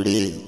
Today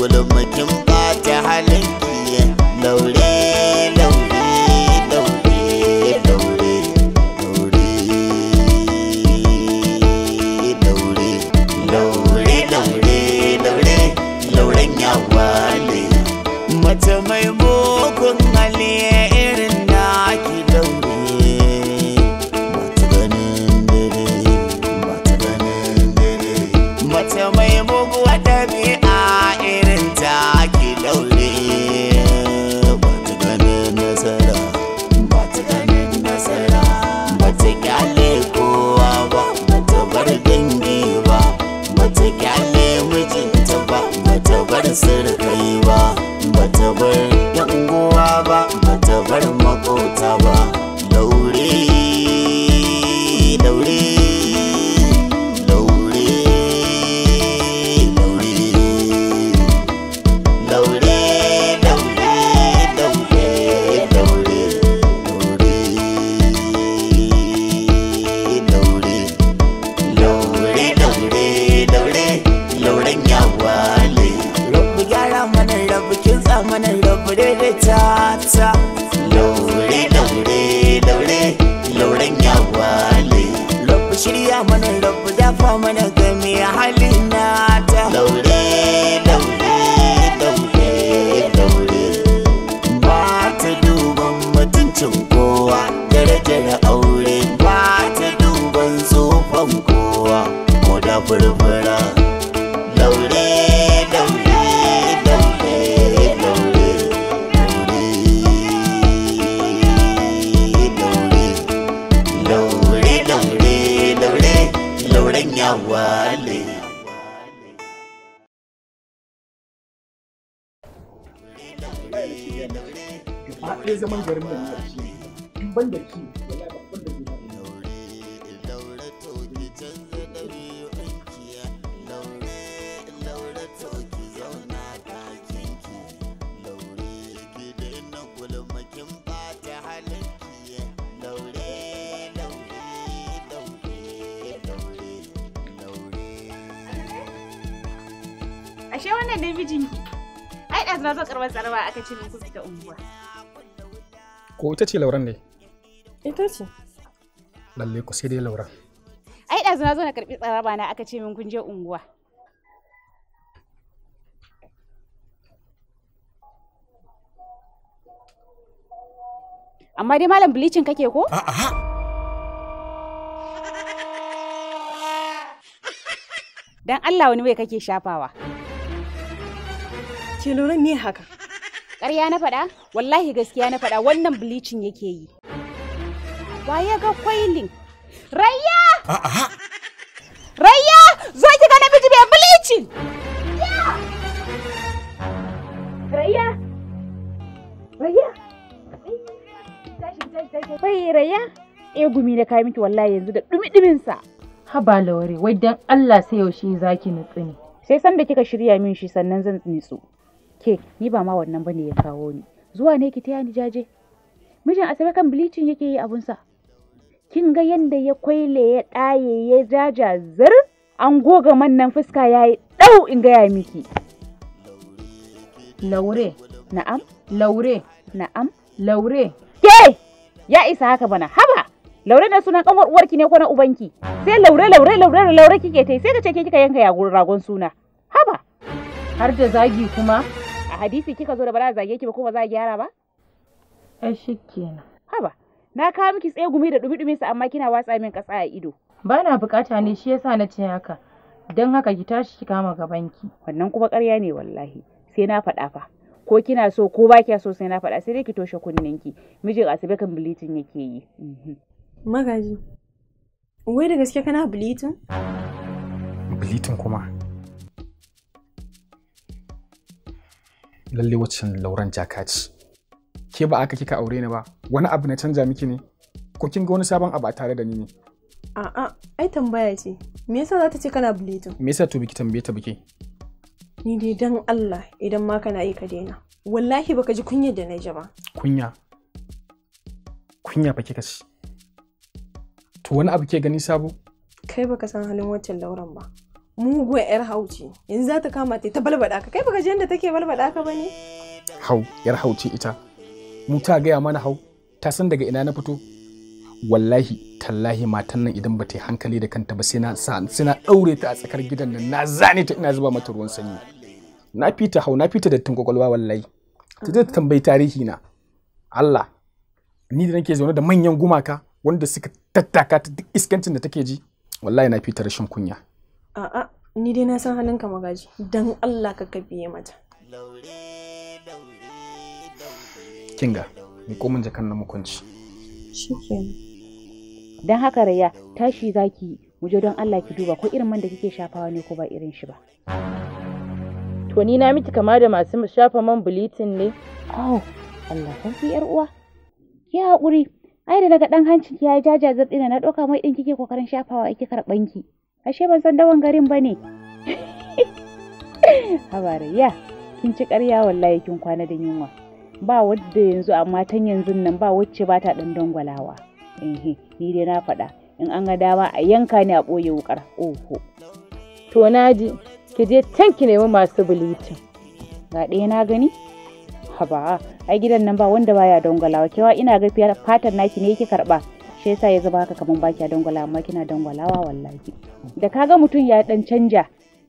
will of my temple. wallahi da shi yana gaba ɗaya zaman garin nan ya ci in ban da ki ashe wannan dai ɗan na zo karɓar tsaraba aka ce min fita unguwa. Ko ita ce lauran ne? Ita ce. Lalle ku sai dai lauran. Ai ɗazu na zo na karɓi tsaraba na aka ce min kun je unguwa. Amma dai malam bleaching kake ko? A'a. Dan Allah wani mai kake shafawa. Ke lura me haka? Ƙarya na faɗa? Wallahi gaskiya na faɗa wannan bilicin yake yi. Waye ga kwailin? Rayya! Rayya! Zo ki ga namiji mai bleaching! Rayya! Rayya! Bai raya! Eh gumi da kayan miki wallahi yanzu da dumi sa. Haba lawari, wai dan Allah sai yaushe zaki nutsu Sai san da kika shirya min shi sannan zan nutsu. ke ni ba ma wannan bane ya kawo ni zuwa ne ki taya ni jaje mijin asabe kan bilicin yake yi abun sa. kin ga yadda ya kwaile ya ɗaye ya jaja zar an goga mannan fuska ya yi ɗau in gaya miki laure na'am laure na'am laure ke ya isa haka bana haba laure na sunan uwar uwarki ne ko na ubanki sai laure laure laure laure kike tai sai ka ce kika yanka yagun ragon suna haba har da zagi kuma hadisi kika zo da ba za a zage ki ba ko ba za a gyara ba? Ai shi kenan. Haba, na kawo miki tsegumi da dumi-dumin sa amma kina watsa min kasa a ido. Ba na bukata ne shi yasa na ce haka. Don haka ki tashi ki kama gabanki. Wannan kuma ƙarya ne wallahi. Sai na faɗa fa. Ko kina so ko ba kiya so sai na faɗa sai dai ki toshe kunninki. Mijin asibe kan bilitin yake yi. Mhm. Magaji. Wai da gaske kana bilitin? Bilitin kuma. lalle wacce lauran jaka ce ke ba aka kika aure ni ba wani abu na canja miki ne ko kin ga wani sabon abu a tare da ni ne a'a ai tambaya ce me yasa za ta ce kana bulletin me yasa to biki tambaye ta biki ni dai dan Allah idan ma kana yi ka daina wallahi baka ji kunyar da na ba kunya kunya fa kika ci to wani abu ke gani sabo kai baka san halin wacce lauran ba muguwar yar hauci yanzu za ta kama ta ta balbada ka kai baka ji yadda take balbada ka bane hau yar hauci ita mu ta gaya mana hau ta san daga ina na fito wallahi tallahi matan nan idan ba ta yi hankali da kanta ba sai na sa ɗaure ta a tsakar gidan nan na zane ta ina zuba mata ruwan sanyi na fita hau na fita dattin kwakwalwa wallahi ta zai tambayi tarihi na Allah ni da nake zaune da manyan gumaka wanda suka tattaka ta duk iskancin da take ji wallahi na fita rashin kunya A'a, ni dai na san halinka magaji, don Allah ka kabiye mata. Kinga, ni komin jakan na mukunci. Don haka raya tashi zaki mu je don Allah ki duba ko irin man da kike shafawa ne ko ba irin shi ba. To ni na miki kama da masu shafa man bulletin ne? Oh, Allah san ki yar uwa. Ki haƙuri, ai da daga ɗan hanci ki ya jaja ɗina na ɗauka mai ɗin kike kokarin shafawa ake karɓan ki. ashe ban san dawan garin ba ne habariya kin ci ƙarya wallahi kin kwana da yunwa ba wadda yanzu amma tan yanzu nan ba wacce ba ta ɗan dangwalawa ehe ni dai na faɗa in an ga dama a yanka ni a ɓoye wukar oho to ji ki je can ki nemi masu bulitin ga ɗaya na gani haba ai gidan nan ba wanda baya dangwalawa kewa ina ga fatan naki ne ki karɓa shi yasa ya zama ka kamar baki a dangwala amma kina dangwalawa wallahi da kaga mutum ya dan canja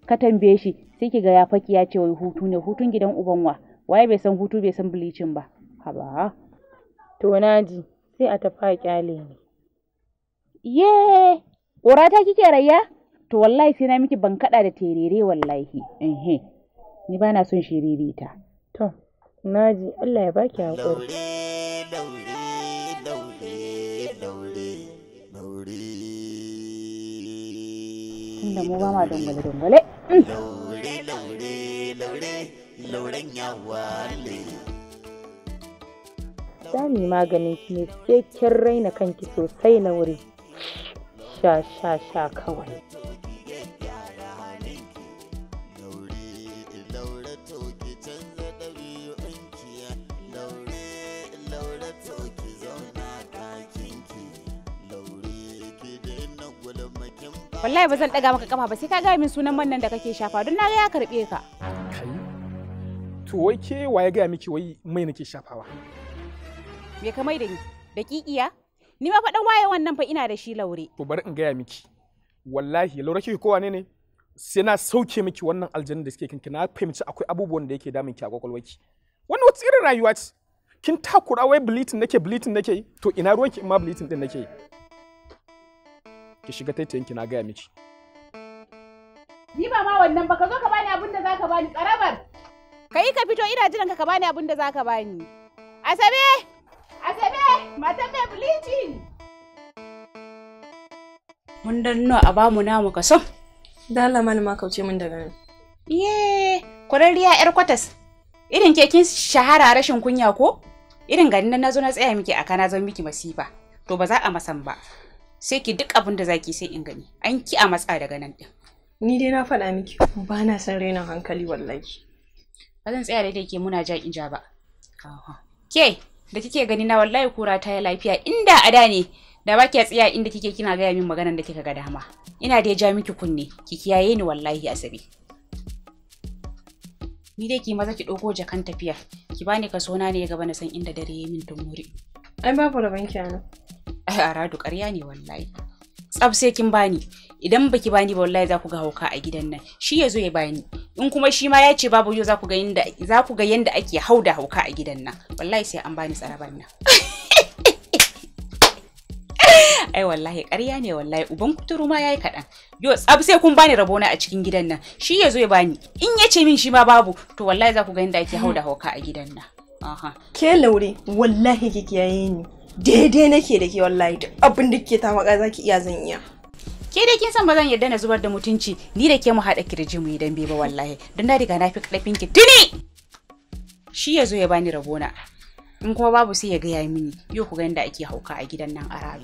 ka tambaye shi sai ki ga ya faki ya ce wai hutu ne hutun gidan uban wa waye bai san hutu bai san bilicin ba haba to naji sai a tafa kyale ne ye ƙorata kike rayya to wallahi sai na miki ban kada da terere wallahi ehe ni ba na son shiririta to naji Allah ya baki hakuri tunda mu ba ma dangwale dangwale laure mm. maganin ki ne sai kin raina kanki sosai na wuri. Sha sha sha kawai. wallahi ba zan daga maka kafa ba sai ka gaya min sunan man nan da kake shafa don na ga ya karbe ka kai to wai ke waye gaya miki wai mai nake shafawa me ka mai da ni dakikiya ni ma faɗan waye wannan fa ina da shi laure to bari in gaya miki wallahi laure kike kowa ne ne sai na sauke miki wannan aljanna da suke kinki na fahimci akwai abubuwan da yake damun ki a kwakwalwarki wannan wata irin rayuwa ce kin takura wai bleating nake bleating nake to ina ruwanki in ma bleating din nake ki shiga taitayin ki na gaya miki ni ba ma wannan ba ka zo ka bani abin da zaka bani karabar kai ka fito ina jiran ka bani abin da zaka bani asabe asabe matan mai bleaching mun danno a bamu namu ka so dala ma kauce min daga nan ye kwararriya yar kwatas irin ke kin shahara rashin kunya ko irin ganin na zo na tsaya miki aka na zo miki masifa to ba za a masan ba sai ki duk abin da zaki sai in gani an ki a matsa daga nan din ni dai na faɗa miki ba na san rainin hankali wallahi ba zan tsaya da ke muna ja in ja ba ke da kike gani na wallahi kura ta ya lafiya inda a da ne da ba ya tsaya inda kike kina gaya min maganar da kika ga dama ina dai ja miki kunne ki kiyaye ni wallahi asabi ni dai ki maza ki ɗauko jakan tafiya ki bani kaso na ne gaba na san inda dare ya min tumuri ai babu rabanki a nan ai aradu ƙarya ne wallahi tsaf sai kin bani idan baki bani ba wallahi za ku ga hauka a gidan nan shi ya zo ya bani in kuma shi ma ya ce babu yau za ku ga yanda za ku ga yanda ake hauda hauka a gidan nan wallahi sai an bani tsaraban nan ai wallahi ƙarya ne wallahi uban kuturu ma yayi kaɗan yo tsab sai kun bani rabona a cikin gidan nan shi ya zo ya bani in ya ce min shi ma babu to wallahi za ku ga yanda ake hauda hauka a gidan nan aha ke laure wallahi kike yayi ni daidai nake da ke wallahi duk abin da ke ta maka ki iya zan iya ke da kin san ba zan yarda na zubar da mutunci ni da ke mu haɗa kirji mu idan bai ba wallahi don na riga na fi karfin ki tuni shi ya zo ya bani rabona in kuma babu sai ya gaya mini yau ku ga yadda ake hauka a gidan nan a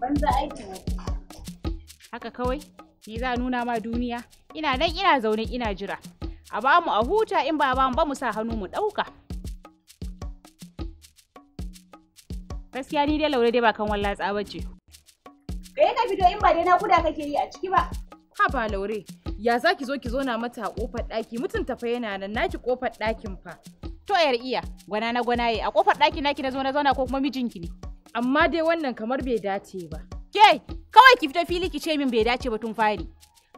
banza haka kawai ni za nuna ma duniya ina nan ina zaune ina jira a ba mu a huta in ba ba mu ba mu sa hannu mu ɗauka gaskiya ni dai laure dai ba kan wallah tsaba ce ka yi ka fito in ba dai na kuda kake yi a ciki ba ha ba laure ya za ki zo ki zo mata a kofar ɗaki mutunta fa yana nan naki kofar ɗakin fa to yar iya gwana na gwana a ƙofar ɗaki naki na zo na zauna ko kuma mijinki ne Amma dai wannan kamar bai dace ba. Ke, kawai ki fita fili ki ce min bai dace ba tun fari.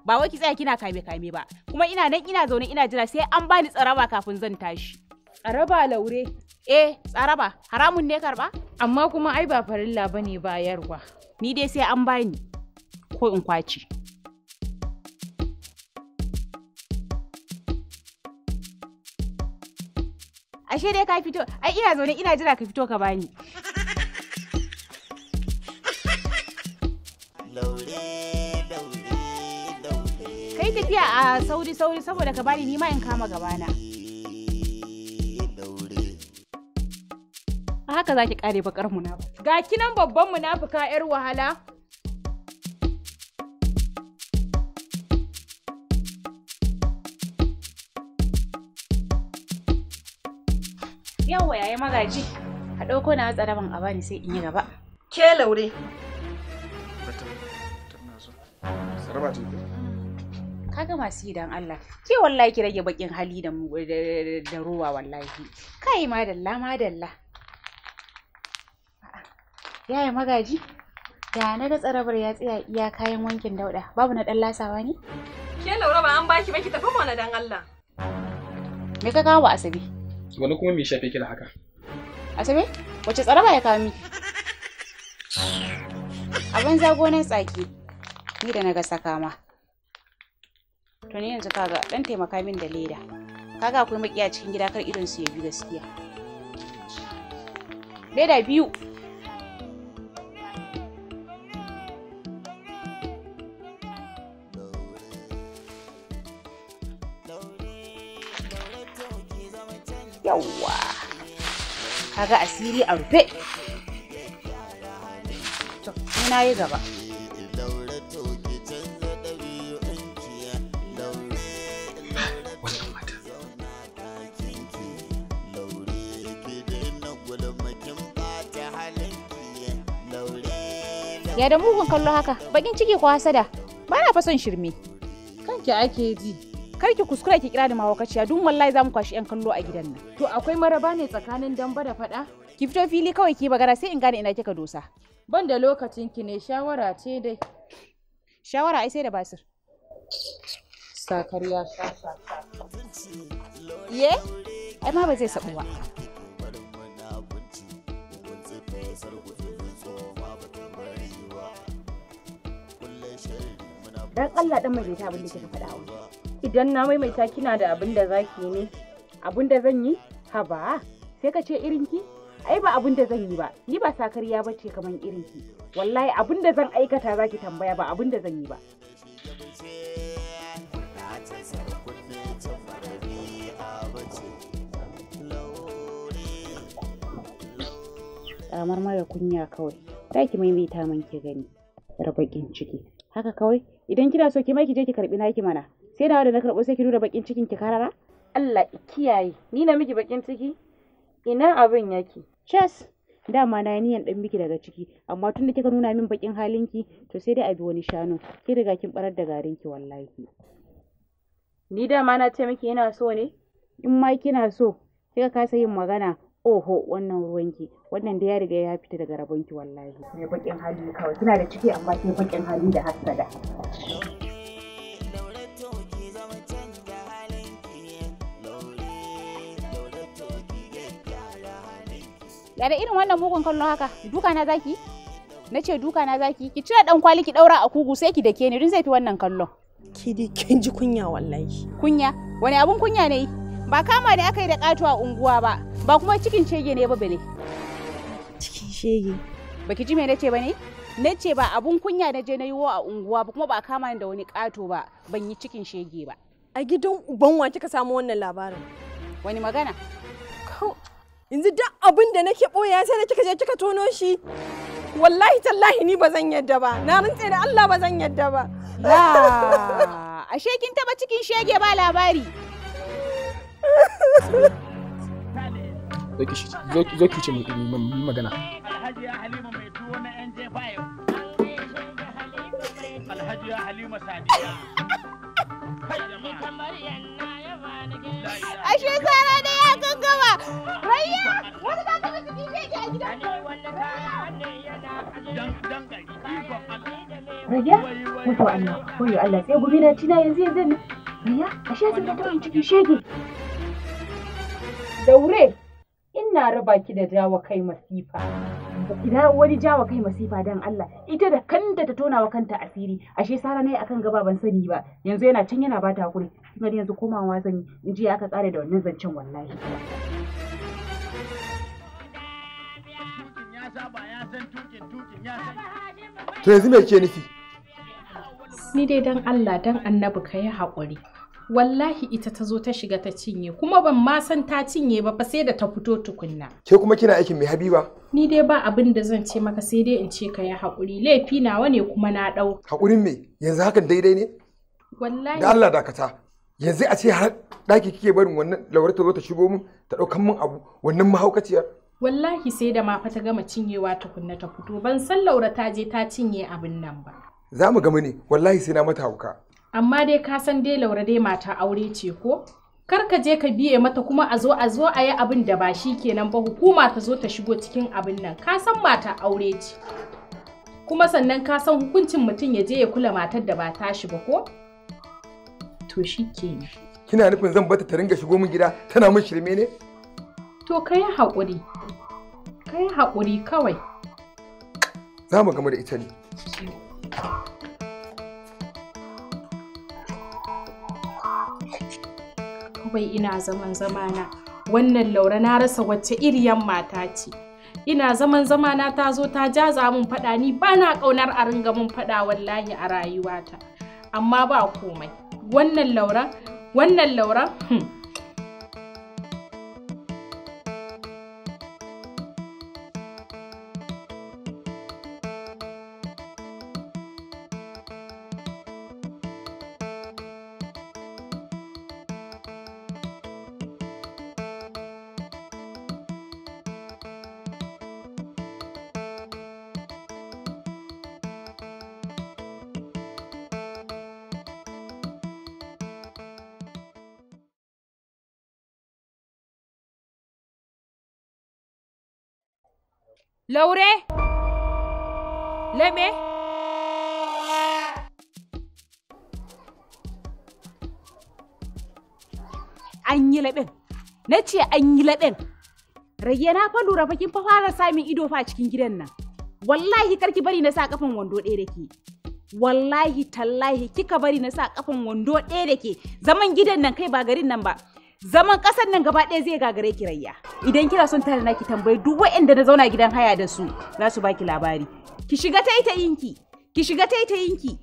Ba wai ki tsaya kina kame kame ba. Kuma ina nan ina zaune ina jira sai an bani tsaraba kafin zan tashi. Tsaraba laure. Eh, tsaraba, haramun ne karba? Amma kuma ai ba farilla bane bayarwa. Ni dai sai an bani ko in kwaci. ashe dai ka fito ai ina zaune ina jira ka fito ka bani tafiya a sauri sauri saboda ka bani nima in kama gabana a haka zaki kare bakar munafuka ga kinan babban munafuka yar wahala Yawwa yayi magaji a ɗauko na tsaraban a bani sai in yi gaba ke laure ce kaga masu yi don Allah ke wallahi ki rage bakin hali da da ruwa wallahi kai ma dalla ma dalla yaya magaji da na ga tsarabar ya tsaya iya kayan wankin dauda babu na dan lasawa ne ke laura ba an baki ba ki tafi mana dan Allah me ka kawo asabe wani kuma me shafe ki da haka asabe wace tsaraba ya kawo miki a banza gonar tsaki ni da na ga saka ma to ni yanzu kaga dan taimaka min da leda kaga akwai makiya cikin gida kar irin su ya bi gaskiya leda biyu yawwa kaga asiri a rufe to ina yi gaba ya da mugun kallo haka bakin ciki ko hasada ba na fason shirme kanki ake ji kar ki kuskura ki kira da mawakaciya duk wallahi zamu kwashi yan kallo a gidan nan to akwai maraba ne tsakanin damba da fada ki fito fili kawai ki bagara sai in gane ina kika dosa ban da lokacin ki ne shawara ce dai shawara ai sai da basir Sakariya sha ye ai ba zai sabu ba dan Allah dan maimaita abin da kika faɗa wa idan na maimaita kina da abin da zaki yi ne abin da zan yi haba sai ka ce irin ki? ai ba abin da zan yi ba ni ba sakariya ba ce kamar ki. wallahi abin da zan aikata zaki tambaya ba abin da zan yi ba tsamar mara kunya kawai ki maimaita man ki gani da bakin ciki haka kawai idan kina so ki mai ki je ki karbi naki mana sai da na karbo sai ki nuna bakin cikin ki karara Allah kiyaye ni na miki bakin ciki ina abin yake chess dama na niyan dan miki daga ciki amma tun da kika nuna min bakin halinki to sai dai a bi wani shanu ki riga kin barar da garin ki wallahi ni dama na ce miki yana so ne in ma kina so kika kasa yin magana oho wannan ruwanki wannan da ya riga ya fita daga rabonki wallahi mai bakin hali kawai kina da ciki amma sai bakin hali da hasada ya da irin wannan mugun kallon haka duka na zaki na ce duka na zaki ki cire dan kwali ki daura a kugu sai ki dake ni rin zai fi wannan kallon ki dai kin ji kunya wallahi kunya wani abun kunya ne ba kama da aka yi da katuwa unguwa ba ba kuma cikin shege ne ba bane cikin shege baki ji me nace ba ne na ce ba abun kunya na je na yiwo a unguwa ba kuma ba kama da wani kato ba ban yi cikin shege ba a gidan uban wa kika samu wannan labarin wani magana yanzu duk abin da nake boya sai da kika je kika tono shi wallahi tallahi ni ba zan yadda ba na rantse da Allah ba zan yadda ba ashe kin taba cikin shege ba labari zo ki ce magana Alhaji Halima Sadiya. A shekara da ya gaggama. Rayya, wani za ka ga jiki ne ke a gidan Rayya, mutu Allah, koyo Allah sai gumi na tina yanzu yanzu ne. Rayya, a shi ta taɓa cikin shege. Daure, ina raba ki da jawa kai masifa. Ina wani jawa kai masifa don Allah, ita da kanta ta tonawa kanta asiri, ashe sara ne akan gaba ban sani ba, yanzu yana can yana bata hakuri, kuma yanzu komawa zan yi, in ji aka tsare da wannan zancen wallahi. To yanzu me ke nufi? Ni dai don Allah don annabi ka yi haƙuri. wallahi ita ta zo ta shiga ta cinye kuma ban ma san ta cinye ba fa sai da ta fito tukunna ke kuma kina aikin mai habiba ni dai ba abin da zan ce maka sai dai in ce ka yi haƙuri laifi nawa ne kuma na dau haƙurin me yanzu hakan daidai ne wallahi da Allah dakata yanzu a ce har daki kike barin wannan laure ta zo ta shigo mun ta ɗaukan mun abu wannan mahaukaciyar wallahi sai da ma fa ta gama cinyewa tukunna ta fito ban san laura ta je ta cinye abin nan ba za mu gama ne wallahi sai na mata hauka amma dai ka san dai laura dai mata aure ce ko kar ka je ka biye mata kuma a zo a zo a yi abin da ba shi kenan ba hukuma ta zo ta shigo cikin abin nan ka san mata aure ce kuma sannan ka san hukuncin mutum ya je ya kula matar da ba tashi ba ko to shi kenan kina nufin zan bata ta ringa shigo min gida tana min shirme ne to ka yi haƙuri ka yi haƙuri kawai za mu gama da ita ne bai ina zaman zamana wannan laura na rasa wacce iriyan mata ce ina zaman zamana ta zo ta jaza mun faɗa ni ba na ƙaunar a ringa mun faɗa wallahi a rayuwata amma ba komai wannan laura wannan laura hmm. Laure? Leme? An yi laɓin. Na ce an yi na fa lura fa kin fa fara samun ido fa cikin gidan nan. Wallahi karki bari na sa kafan wando ɗaya da ke. Wallahi tallahi kika bari na sa kafan wando ɗaya da ke. Zaman gidan nan kai ba garin nan ba. zaman ƙasar nan gaba ɗaya zai gagare ki rayya idan kina son tare na ki tambayi duk wayanda na zauna gidan haya da su za su baki labari ki shiga yinki ki shiga taitayinki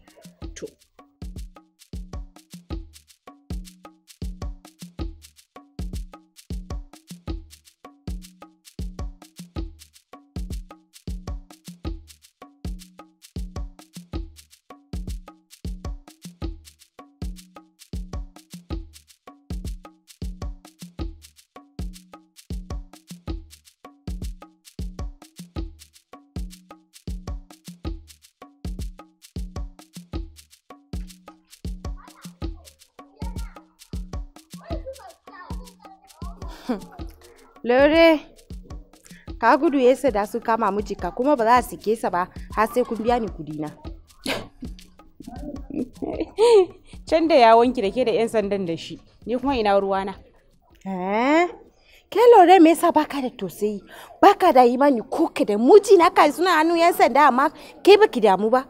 lore ka gudu yasa da su kama ka kuma ba za su sike sa ba har sai kun biya ni kudi na can da ya wanki da ke da 'yan sandan da shi ni kuma ina ruwana eh? ke lore me yasa baka da tausayi baka da imani ko ka da muji na kai suna hannu 'yan sanda amma ke baki damu ba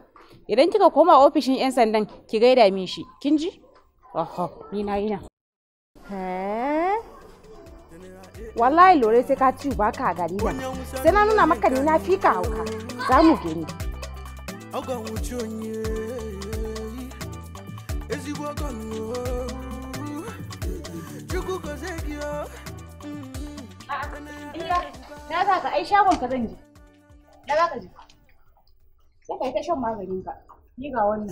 idan kika koma ofishin 'yan sandan ki gaida min shi kin ji oho ni na ina eh? wallahi lore sai ka ci ba ka gari na sai na nuna maka ni na fi ka hauka za mu gani Na za ka ai shagon ka zan je. Na za ka je. Sai ka yi ta shan maganin ka. Ni ga wannan.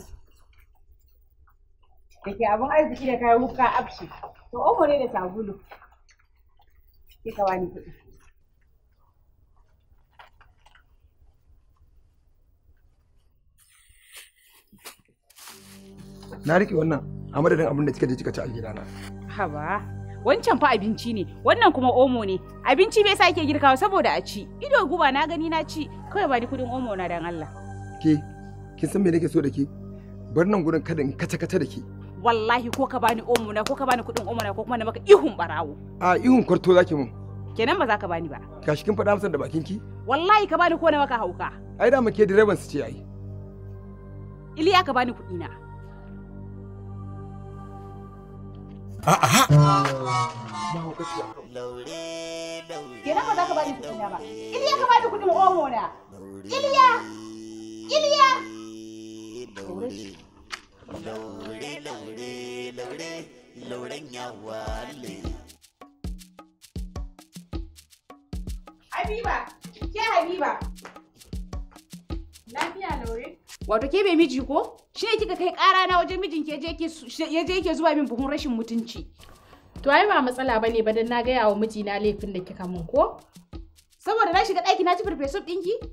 Da ke abin arziki da kayan wuka abshi. To omo ne da sabulu. sai ka wani na riƙe wannan a madadin abin da kika je kika ci a gidana haba wancan fa abinci ne wannan kuma omo ne abinci bai sake girkawa saboda a ci ido guba na gani na ci kawai ba ni kudin omo na dan Allah ke kin san me nake so da ke bar nan gurin kada in kace kace da ke wallahi ko ka bani omo na ko ka bani kudin omo na ko kuma na maka ihun barawo a ihun kwarto zaki mun kenan ba za ka bani ba gashi kin faɗa masa da bakin ki wallahi ka bani ko na maka hauka ai da muke direban su ce ai iliya ka bani kudi na a'a kenan ba za ka bani kuɗi na ba iliya ka bani kudin omo na iliya iliya laure laure laure wato ke mai miji ko shi ne kika kai kara na wajen mijin ke je yake zuwa min buhun rashin mutunci to ai ba matsala bane ba dan na gaya wa mijina laifin da kika mun ko saboda na shiga ɗaki na ci farfesun ɗinki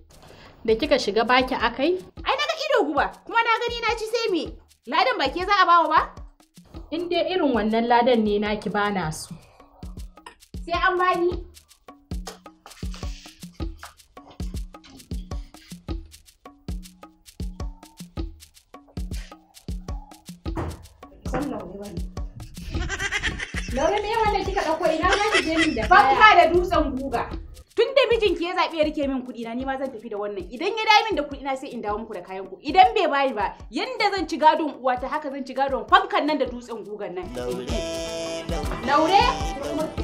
da kika shiga baki akai ai na ga ido guba kuma na gani na ci sai me Ladan ba ke za a bawa ba? In dai irin wannan ladan ne naki bana su. Sai an bani. Laura ne wannan kika ɗauko ina za ki je ni da Ban Fanka da dutsen guga. tun da ki ya zaɓe ya rike min kuɗi na ni ma zan tafi da wannan idan ya dai min da kuɗi na sai in dawo muku da kayan ku idan bai bayi ba yanda zan ci gadon uwa ta haka zan ci gadon fankan nan da dutsen gugan nan laure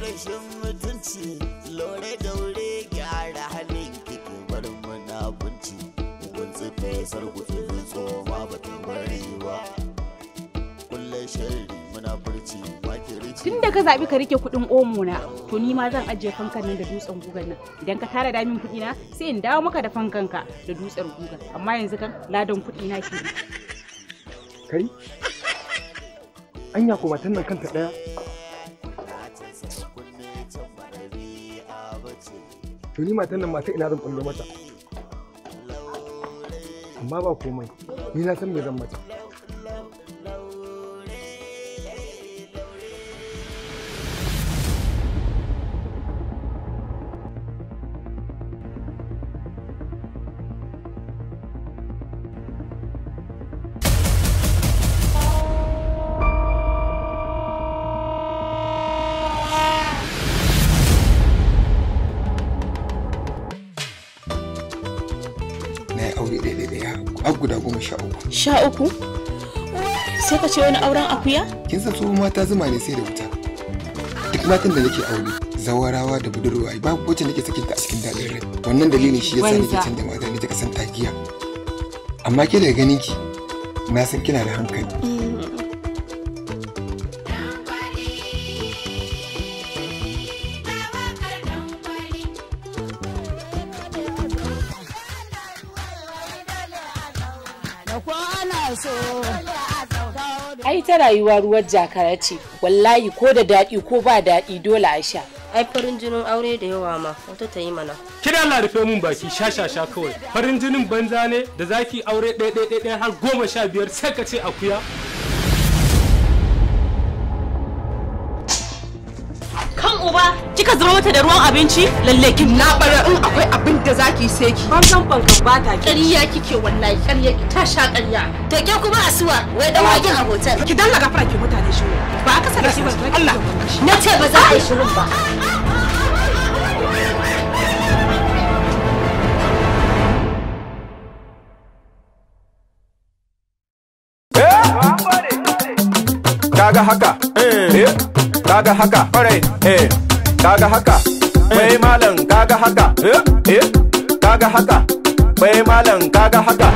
rashin mutunci lore daure gyara halin kiki bar mana bunci gun tsufe sarkufi tsoma ba ta barewa ba kullum shari muna furci rici tun da ka zaɓi ka rike kuɗin omo na to ni ma zan ajiye fankan nan da dutsen gugan nan idan ka tara damin kuɗi na sai in dawo maka da fankan ka da dutsen gugan amma yanzu kan ladan kuɗi na shi kai anya kuma tun nan kanta ɗaya to ni matan nan mata ina zan bullo mata amma ba komai ni na san me zan mata ko sha uku. Sha uku? Sai ka ce wani auren akuya? Kin san tsohon mata zuma ne sai da wuta. Duk matan da nake aure zawarawa da budurwa babu wacce nake sakin ta a cikin daɗin rai. Wannan dalilin shi yasa nake canza mata ni ta kasan takiya. Amma ke da ganin ki na san kina da hankali. rayuwa ruwan jakara ce wallahi ko da daɗi ko ba daɗi dole a sha ai farin jinin aure da yawa ma wata ta yi mana kina na rufe mun baki sha sha sha kawai farin jinin banza ne da zaki aure ɗaya ɗaya har goma sha biyar sai ka ce akuya uba kika zama mata da ruwan abinci lalle kin na bara in akwai abin da zaki sai ki ban san ban gabata ta kariya kike wallahi kariya ki ta sha kariya to ke kuma asuwa wai da wajin a hotel ki dalla gafara ki mutane shi ba aka sanar shi ba Allah na ce ba za a yi shirin ba eh, Kaga haka, eh. kaga haka kwarai eh kaga haka bai malam kaga haka eh, eh. kaga haka bai malam kaga haka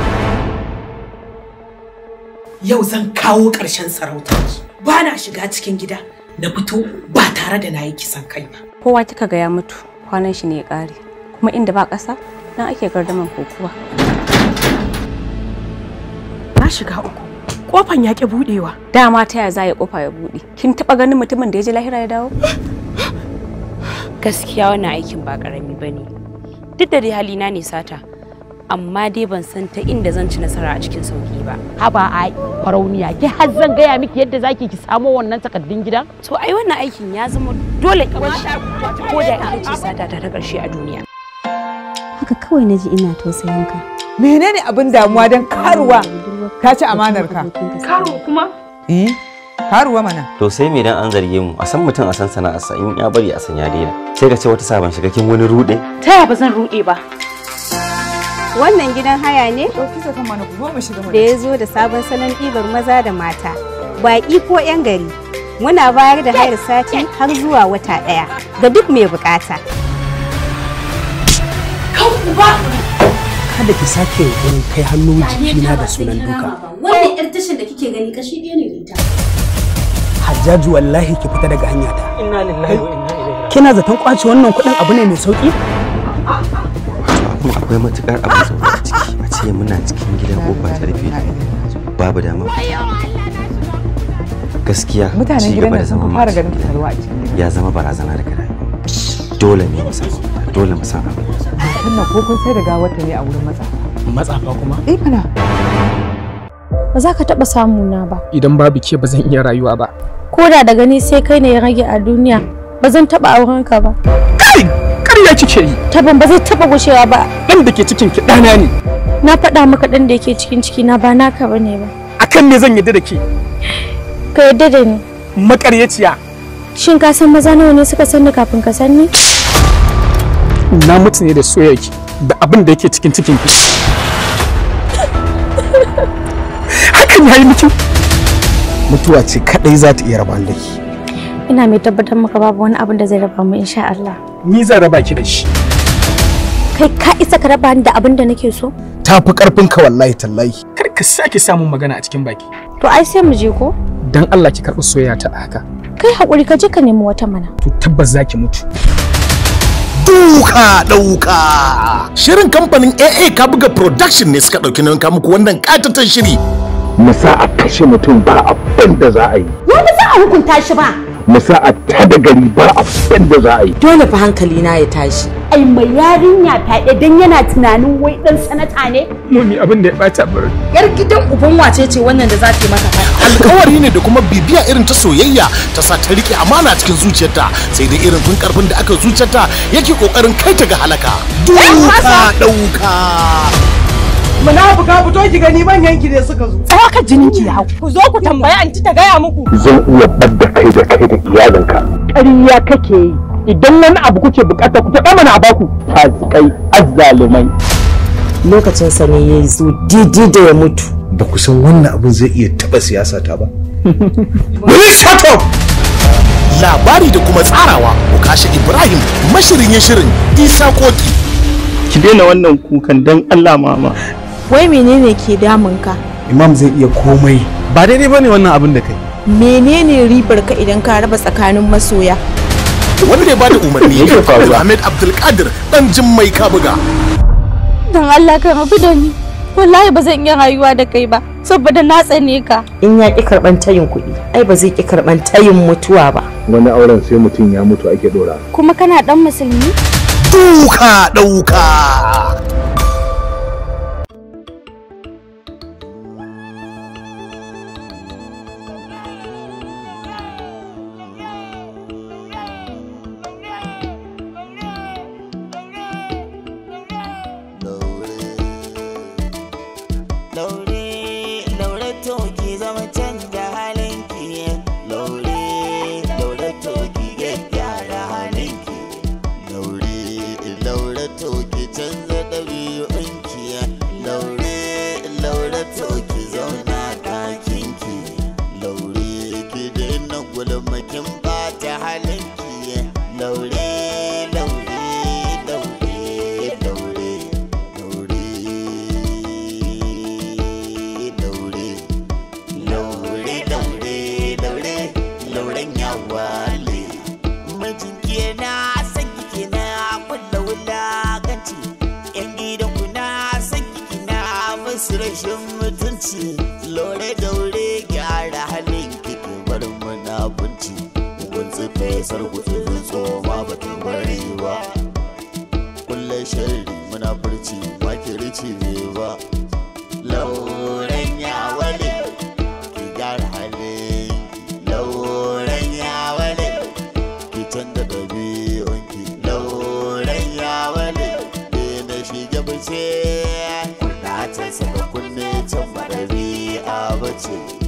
yau zan kawo ƙarshen sarauta ba na shiga cikin gida na fito ba tare da na yi kisan kai ba kowa kika ga ya mutu kwanan shi ne ya ƙare kuma inda ba ƙasa nan ake gardaman kokuwa na shiga uku kofan ya buɗewa. budewa dama ta ya za ya kofa ya buɗe. kin taɓa ganin mutumin da ya je lahira ya dawo gaskiya wannan aikin ba karami bane duk da dai na ne sata amma dai ban san ta inda zan ci nasara a cikin sauki ba. Haba ai farauniya ki har zan gaya miki yadda zaki ki samo wannan takardun gidan? To ai wannan aikin ya zama dole ko da ita ce sata ta ta karshe a duniya. Haka kawai na ji ina tausayin ka. menene abin damuwa don karuwa ka ci amanar ka karuwa kuma eh karuwa mana to sai me dan an zarge mu a san mutum a san sana'arsa in ya bari a san ya daina sai ka ce wata sabon shiga kin wani rude ta ya ba zan rude ba wannan gidan haya ne da ya zo da sabon salon ɗibar maza da mata baƙi ko 'yan gari muna bayar da hayar sati har zuwa wata ɗaya ga duk mai bukata. Kan ku kada ki sake yunkurin kai hannu jikina da sunan duka wannan yar tashin da kike gani kashi ɗaya ne ita Hajjaju wallahi ki fita daga hanyata inna lillahi wa inna ilaihi kina zaton kwace wannan kuɗin abu ne mai sauki akwai matukar abu sauki a ciki a ce muna cikin gidan kofa ta rufe babu dama gaskiya mutanen gidan da sun fara ganin fitarwa a cikin ya zama barazana daga rayuwa dole ne mu san dole mu san ƙarshen nan ko kun sai da gawarta ne a wurin matsafa. Matsafa kuma? Eh mana. Ba za ka taɓa samu na ba. Idan babu ke ba zan iya rayuwa ba. Ko da daga ni sai kai ne ya rage a duniya ba zan taɓa auren ka ba. Kai! Ƙarya kike yi. Taban ba zai taɓa gushewa ba. Dan da ke cikin ki ɗana ne. Na faɗa maka ɗan da yake cikin ciki na ba naka bane ba. Akan me zan yadda da ke? Ka yadda da ni. Maƙaryaciya. Shin ka san maza nawa ne suka sanni kafin ka sanni? na mutu ne da soyayyaki da abin da yake cikin cikin ki hakan yayi miki mutuwa ce kadai za ta iya raba da ki ina mai tabbatar maka babu wani abin da zai raba mu insha Allah ni zan raba ki da shi kai ka isa ka raba ni da abin da nake so ta karfin ka wallahi tallahi kar ka sake samun magana a cikin baki to ai sai mu je ko dan Allah ki karɓi soyayya ta haka kai hakuri ka je ka nemi wata mana to tabbas zaki mutu ɗauka ɗauka. Shirin kamfanin AA ka buga production ne suka ɗauki na muku wannan ƙatatan shiri. Musa a kashe mutum ba abin da za a yi. Wani za a hukunta shi ba. mu sa a ta gari ba abin da za a yi dole fa hankali na ya tashi ai mai yarinya fyaɗe dan yana tunanin wai dan sanata ne mumi abin da ya bata bari. yar gidan uban wace ce wannan da za ta yi maka alƙawari ne da kuma bibiya irin ta soyayya ta sa ta rike amana cikin zuciyarta sai dai irin tun karfin da aka zuciyarta yake ƙoƙarin kai ta ga halaka duka ɗauka. munafuka fito ki gani manyan ki ne suka zo tsaya ka jinin ki hau ku zo ku tambaya anti ta gaya muku zan iya badda kai da kai da iyalinka ƙarya kake yi idan wani abu kuke bukata ku faɗa mana a baku fasikai azzalumai lokacin sa ne ya zo didi da ya mutu ba ku san wannan abin zai iya taɓa siyasa ta ba shut up labari da kuma tsarawa kashe ibrahim mashirin shirin isa koki ki daina wannan kukan don allah mama wai menene ke damun ka imam zai iya komai ba daidai bane wannan abin da kai menene ribar ka idan ka raba tsakanin masoya wanda ya bada umarni yake faruwa Ahmed Abdulkadir dan jin mai kabuga dan Allah ka rabu da ni wallahi ba zan iya rayuwa da kai ba saboda na tsane ka in ya ki karban tayin kuɗi ai ba zai ki karban tayin mutuwa ba wani auren sai mutum ya mutu ake dora kuma kana dan musulmi duka dauka makirci ne ba lauren ya ki gyara hali lauren ya ki canza ɗabi'unki lauren ya wale ne na shige bace na can saka kunne can ba ɗabi'a bace